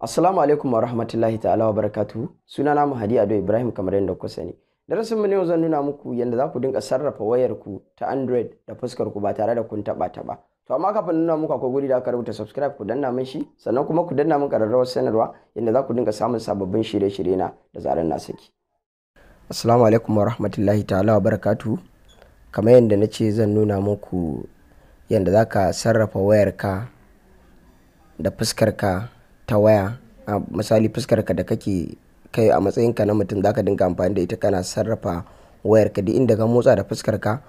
Assalamu alaikum wa rahmatullahi ta'ala wa barakatu. Suna namu Mahadi Ado Ibrahim kamar yadda kuka sani. Darasin mu ne zan nuna muku yadda za ku dinga sarrafa wayar ku ta Android da fuskar ku ba tare da kun taba ta ba. To amma kafin nuna muku akwai guri da aka rubuta subscribe ku danna min shi sannan kuma ku danna min kararrawar sanarwa yadda za ku dinga samun sababbin shirye-shirye na da zaran na saki. Assalamu alaikum wa rahmatullahi ta'ala wa barakatu. Kamar yadda na ce zan nuna muku yadda za ka sarrafa wayarka da fuskar ka ta waya a misali ka da kake kai a matsayin ka na mutum zaka dinga amfani da ita kana sarrafa wayar wayarka duk inda ka motsa da fuskar wayar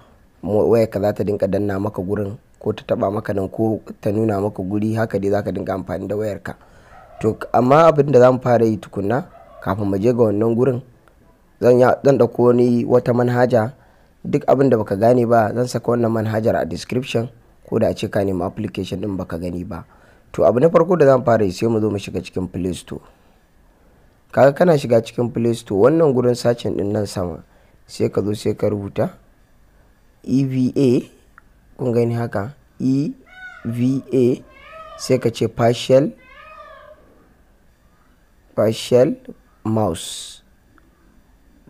wayarka za ta dinga danna maka gurin ko ta taba maka nan ko ta nuna maka guri haka dai zaka dinga amfani da wayar ka to amma abin da zamu fara yi tukunna kafin mu je ga wannan gurin zan ya zan dauko wani wata manhaja duk abin da baka gane ba zan saka wannan manhajar a description ko da a ce ka nemi application din baka gani ba to abu na farko da zan fara yi sai mu zo mu shiga cikin play store kaga kana shiga cikin play store wannan gurin sacin din nan sama sai ka zo sai ka rubuta eva kun gani haka eva sai ka ce partial partial mouse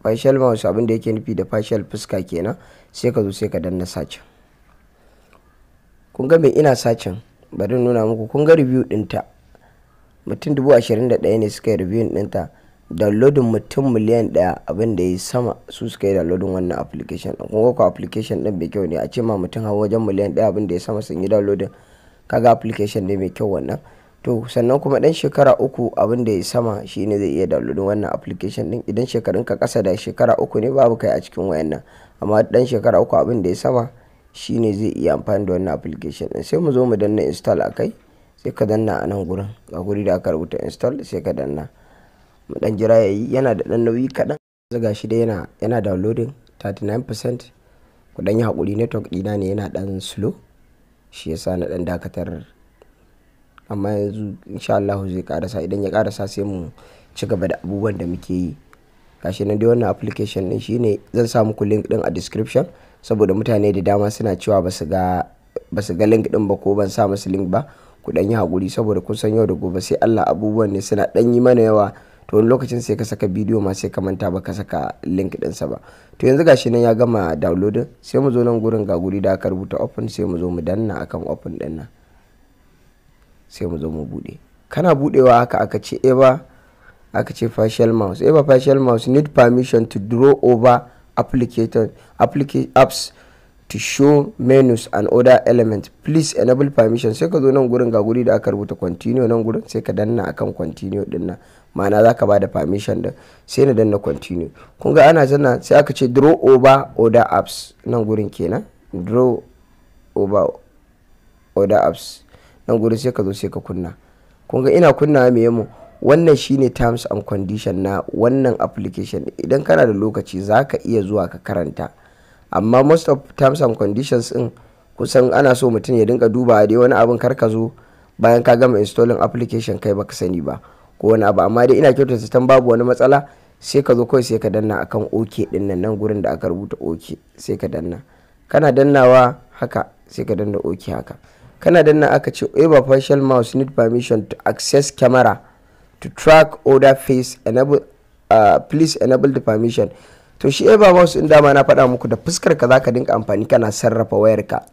partial mouse abin da yake nufi da partial fuska kenan sai ka zo sai ka danna sacin kun ga me ina sacin bari nuna muku kun ga review dinta mutum dubu ashirin da ɗaya ne suka yi review dinta downloadin mutum miliyan ɗaya abin da ya sama su suka yi downloadin wannan application ɗin ko application ɗin mai kyau ne a ce ma mutum har wajen miliyan ɗaya abin ya sama sun yi downloadin kaga application ne mai kyau wannan to sannan kuma dan shekara uku abin da ya sama shine zai iya downloadin wannan application ɗin idan shekarun ka kasa da shekara uku ne babu kai a cikin wayannan amma dan shekara uku abin da ya sama shine zai iya amfani da wannan application din sai mu zo mu danna install akai sai ka danna a nan gurin ga guri da aka rubuta install sai ka danna mu dan jira yayi yana da dan nauyi kaɗan ga gashi da yana yana downloading 39% ku dan yi hakuri network ɗina ne yana dan slow shi yasa na dan dakatar amma yanzu insha Allah zai karasa idan ya karasa sai mu ci gaba da abubuwan da muke yi gashi nan dai wannan application din shine zan sa muku link din a description saboda mutane da dama suna cewa ba su ga link din ba ko ban sa musu link ba ku dan yi hakuri saboda kun san yau da gobe sai Allah abubuwan ne suna dan yi mana yawa to wani lokacin sai ka saka bidiyo ma sai ka manta ba ka saka link din sa ba to yanzu gashi nan ya gama downloading sai mu zo nan gurin ga guri da aka rubuta open sai mu zo mu danna akan open din nan sai mu zo mu bude kana buɗewa haka aka ce ba aka ce facial mouse ba facial mouse need permission to draw over apps to show menus and other elements please enable permission sai ka zo nan gurin ga guri da aka rubuta continue nan gurin sai ka danna akan continue din nan ma'ana za ka bada permission din sai na danna continue kun ga ana zanna sai aka ce draw over other apps nan gurin kenan draw over other apps nan gurin sai ka zo sai ka kunna kun ga ina kunna me yamma wannan shine terms and condition na wannan application idan kana da lokaci za ka iya zuwa ka karanta amma most of terms and conditions in kusan ana so mutum ya dinga duba dai wani abin kar ka zo bayan ka gama installing application kai baka sani ba ko wani abu amma dai ina kyautata tan babu wani matsala sai ka zo kawai sai ka danna akan ok din nan nan gurin da aka rubuta ok sai ka danna kana dannawa haka sai ka danna ok haka kana danna aka ce over partial mouse need permission to access camera to track order face enable uh, please enable the permission to shi eba mouse in dama na faɗa muku da fuskar ka zaka dinga amfani kana sarrafa wayarka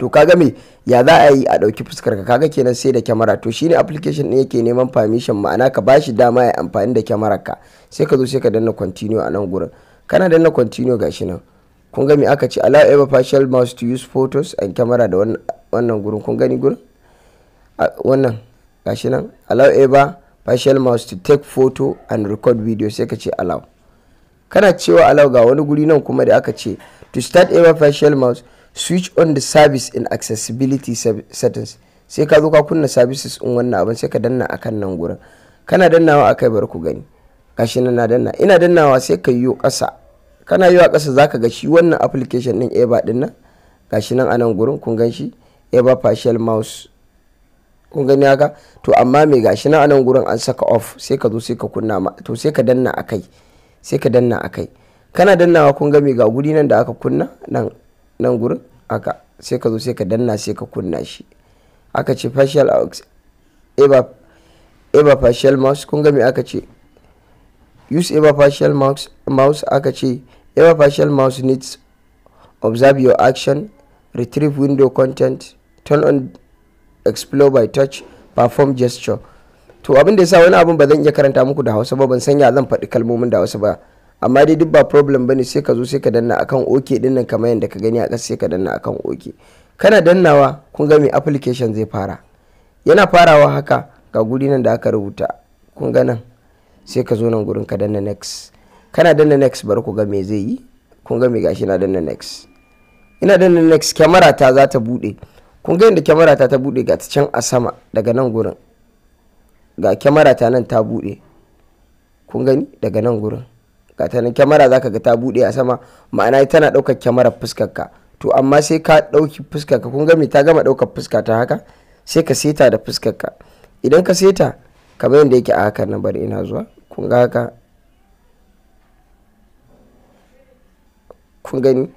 to kaga me ya za a yi a ɗauki fuskar ka kaga kenan sai da kyamara to shine application ɗin yake neman permission ma'ana ka bashi dama ya amfani da kyamarar ka sai ka zo sai ka danna continue a nan gurin kana danna continue gashi nan kun ga me aka ce allow ever partial mouse to use photos and camera da wannan gurin kun gani gurin wannan gashi nan allow ever partial mouse to take photo and record video sai ka ce allow kana cewa allow ga wani guri nan kuma da aka ce to start ever partial mouse switch on the service in accessibility settings sai ka zo ka kunna services in wannan abin sai ka danna akan nan gurin kana dannawa akai bar ku gani gashi na danna ina dannawa sai ka yi ƙasa kana yi ƙasa zaka ga shi wannan application din eba din nan gashi nan anan gurin kun gan shi eba partial mouse kun gani haka to amma mai gashi na anan gurin an saka off sai ka zo sai ka kunna ma to sai ka danna akai sai ka danna akai kana dannawa kun ga mai ga guri nan da aka kunna nan nan gurin aka sai ka zo sai ka danna sai ka kunna shi aka ce facial eva eva facial mouse kun ga mai aka ce use eva facial mouse mouse aka ce eva facial mouse needs observe your action retrieve window content turn on explore by touch perform gesture to abin da yasa wani abin ba zan iya karanta muku da hausa ba ban sanya zan faɗi kalmomin da hausa ba amma dai duk ba problem bane sai ka zo sai ka danna akan ok din nan kamar yadda ka gani a ƙasa sai ka danna akan ok kana dannawa kun ga mai application zai fara yana farawa haka ga guri nan da aka rubuta kun ga nan sai ka zo nan gurin ka danna next kana danna next bar ku ga me zai yi kun ga me gashi na danna next ina danna next kamera ta za ta bude kun ga inda kyamara ta ta bude ga can a sama daga nan gurin ga kyamara ta nan ta bude kun gani daga nan gurin ga ta nan kyamara za ka ga ta bude a sama ma'ana tana ɗaukar kyamara fuskar ka to amma sai ka ɗauki fuskar ka kun ga me ta gama ɗaukar fuska ta haka sai ka seta da fuskar ka idan ka seta kamar yadda yake a haka nan bari ina zuwa kun ga haka kun gani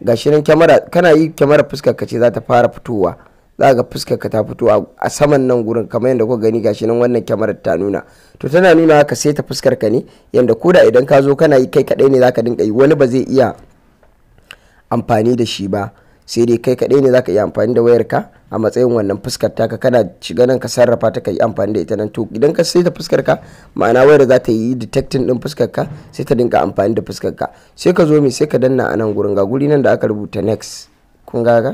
ga shirin kyamara kana yi kyamara fuskar ka ce za ta fara fitowa za ga fuskar ka ta fito a saman nan gurin kamar yadda kuka gani ga shirin wannan kyamarar ta nuna to tana nuna haka sai ta fuskar ka ne yadda koda idan ka zo kana yi kai kadai ne za ka dinka yi wani ba zai iya amfani da shi ba sai dai kai kaɗai ne za ka yi amfani da wayarka a matsayin wannan fuskar taka kana shiga nan ka sarrafa ta ka yi amfani da ita nan to idan ka sai ta fuskar ka ma'ana wayar za ta yi detecting din fuskar ka sai ta dinka amfani da fuskar ka sai ka zo mi sai ka danna a nan gurin ga guri nan da aka rubuta next kun ga ga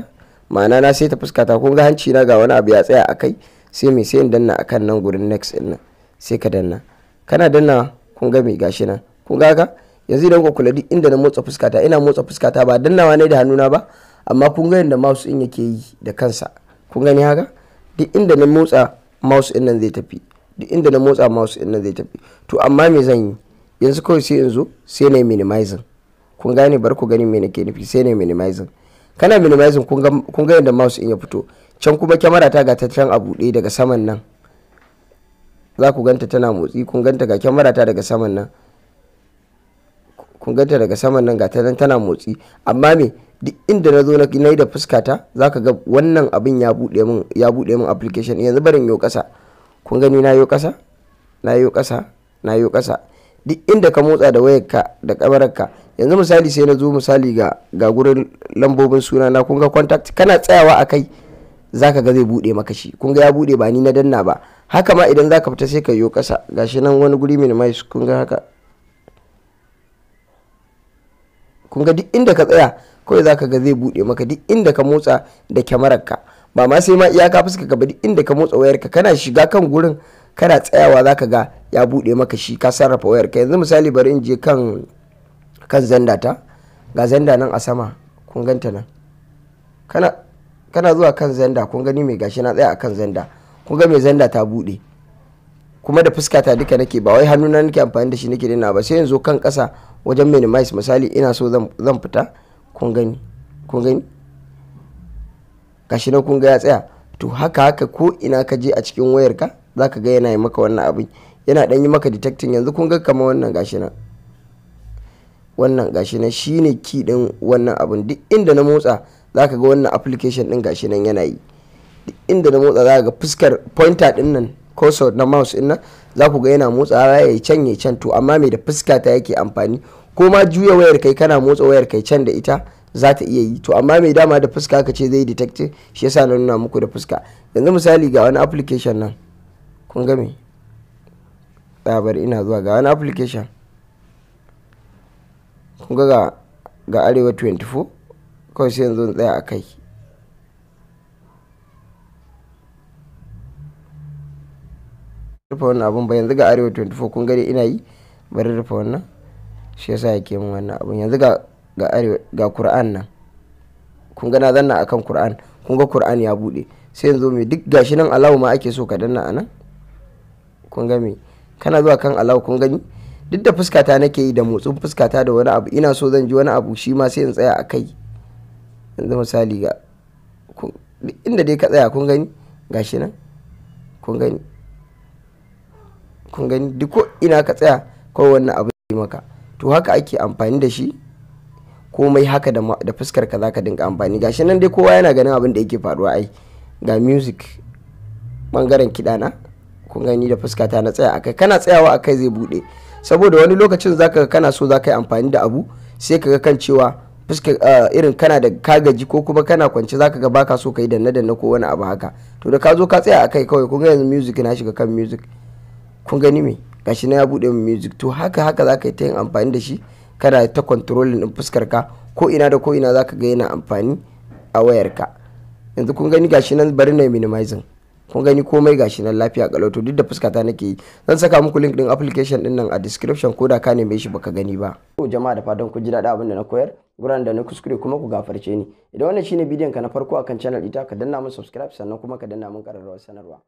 ma'ana na sai ta fuska ta kun ga hanci na ga wani abu ya tsaya akai sai mi sai in danna akan nan gurin next din nan sai ka danna kana danna kun ga me gashi nan kun ga ga yanzu idan ku kula duk inda na motsa fuskata ina motsa fuskata ba dannawa ne da hannuna ba amma kun ga yadda mouse in yake yi da kansa kun gani haka duk inda na motsa mouse in nan zai tafi duk inda na motsa mouse in nan zai tafi to amma me zan yi yanzu kawai sai in zo sai na minimizing kun gane bar ku gani me nake nufi sai na minimizing kana minimizing kun ga yadda mouse in ya fito can kuma kyamara ta ga ta can a buɗe daga saman nan za ku ganta tana motsi kun ganta ga kyamara ta daga saman nan kun ganta daga saman nan ga ta tana motsi amma me duk inda na zo na yi da fuskata za ka ga wannan abin ya buɗe min ya min application yanzu barin yo ƙasa kun gani na yo ƙasa na yo ƙasa na yo ƙasa duk inda ka motsa da wayarka da kamararka yanzu misali sai na zo misali ga ga gurin lambobin suna na kun ga contact kana tsayawa a kai za ka ga zai buɗe maka shi kun ga ya buɗe ba ni na danna ba haka ma idan za ka fita sai ka yo ƙasa gashi nan wani guri minimize kun ga haka kun ga duk inda ka tsaya kawai zaka ga zai buɗe maka duk inda ka motsa da kyamarar ka ba ma sai ma iyaka fuska ka ba duk inda ka motsa wayar ka kana shiga kan gurin kana tsayawa zaka ga ya buɗe maka shi ka sarrafa wayar ka yanzu misali bari in je kan kan zanda ta ga zanda nan a sama kun ganta nan kana zuwa kan zanda kun gani mai gashi na tsaya akan zanda kun ga mai zanda ta buɗe kuma da fuska ta duka nake ba wai hannu na nake amfani da shi nake daina ba sai yanzu kan kasa wajen minimize misali ina so zan fita kun gani kun gani gashi na kun ga ya tsaya to haka haka ko ina ka je a cikin wayarka zaka ga yana yi maka wannan abin yana dan yi maka detecting yanzu kun ga kamar wannan gashi na wannan gashi na shine ki din wannan abin duk inda na motsa zaka ga wannan application din gashi nan yana yi duk inda na motsa zaka ga fuskar pointer din nan cursor na mouse din nan za ku ga yana motsa ya yi can ya can to amma me da fuska ta yake amfani ko ma juya wayar kai kana motsa wayar kai can da ita za ta iya yi to amma mai dama da fuska ka ce zai detecting shi yasa na nuna muku da fuska yanzu misali ga wani application nan kun ga me tsabar ina zuwa ga wani application kun ga ga ga arewa 24 kawai sai yanzu tsaya a kai rufe wannan abun ba yanzu ga arewa 24 kun gani ina yi bari rufe wannan shi yasa yake min wannan abun yanzu ga ga ga Qur'an nan kun ga na zanna akan Qur'an kun ga Qur'an ya bude sai yanzu me duk gashi nan Allahu ma ake so ka danna anan kun ga me kana zuwa kan Allahu kun gani duk da fuskata nake yi da motsin fuskata da wani abu ina so zan ji wani abu shi ma sai in tsaya a kai yanzu misali ga inda dai ka tsaya kun gani gashi nan kun gani kun gani duk ina ka tsaya kawai wannan abu maka to haka ake amfani da shi komai haka da fuskar ka zaka dinga amfani gashi nan dai kowa yana ganin abin da yake faruwa ai ga music bangaren kiɗa na kun gani da fuska ta na tsaya akai kana tsayawa akai zai bude saboda wani lokacin zaka kana so zaka yi amfani da abu sai kaga kan cewa fuska ah, irin kana da gaji ko kuma kana kwance zaka ga baka so kai danna danna ko wani abu haka to da ka zo ka tsaya akai kawai kun ga yanzu music na shiga kan music kun gani me gashi na ya bude mu music to haka haka za ka yi ta yin amfani da shi kada ta controlling din fuskar ka ko ina da ko ina za ka ga yana amfani a wayar ka yanzu kun gani gashi nan bari na minimizing kun gani komai gashi nan lafiya kalau to duk da ta nake yi zan saka muku link din application din nan a description ko da ka neme shi baka gani ba to jama'a da fatan ku ji daɗin abin da na koyar guran da na kuskure kuma ku gafarce ni idan wannan shine bidiyon ka na farko akan channel ita ka danna mun subscribe sannan kuma ka danna mun kararrawar sanarwa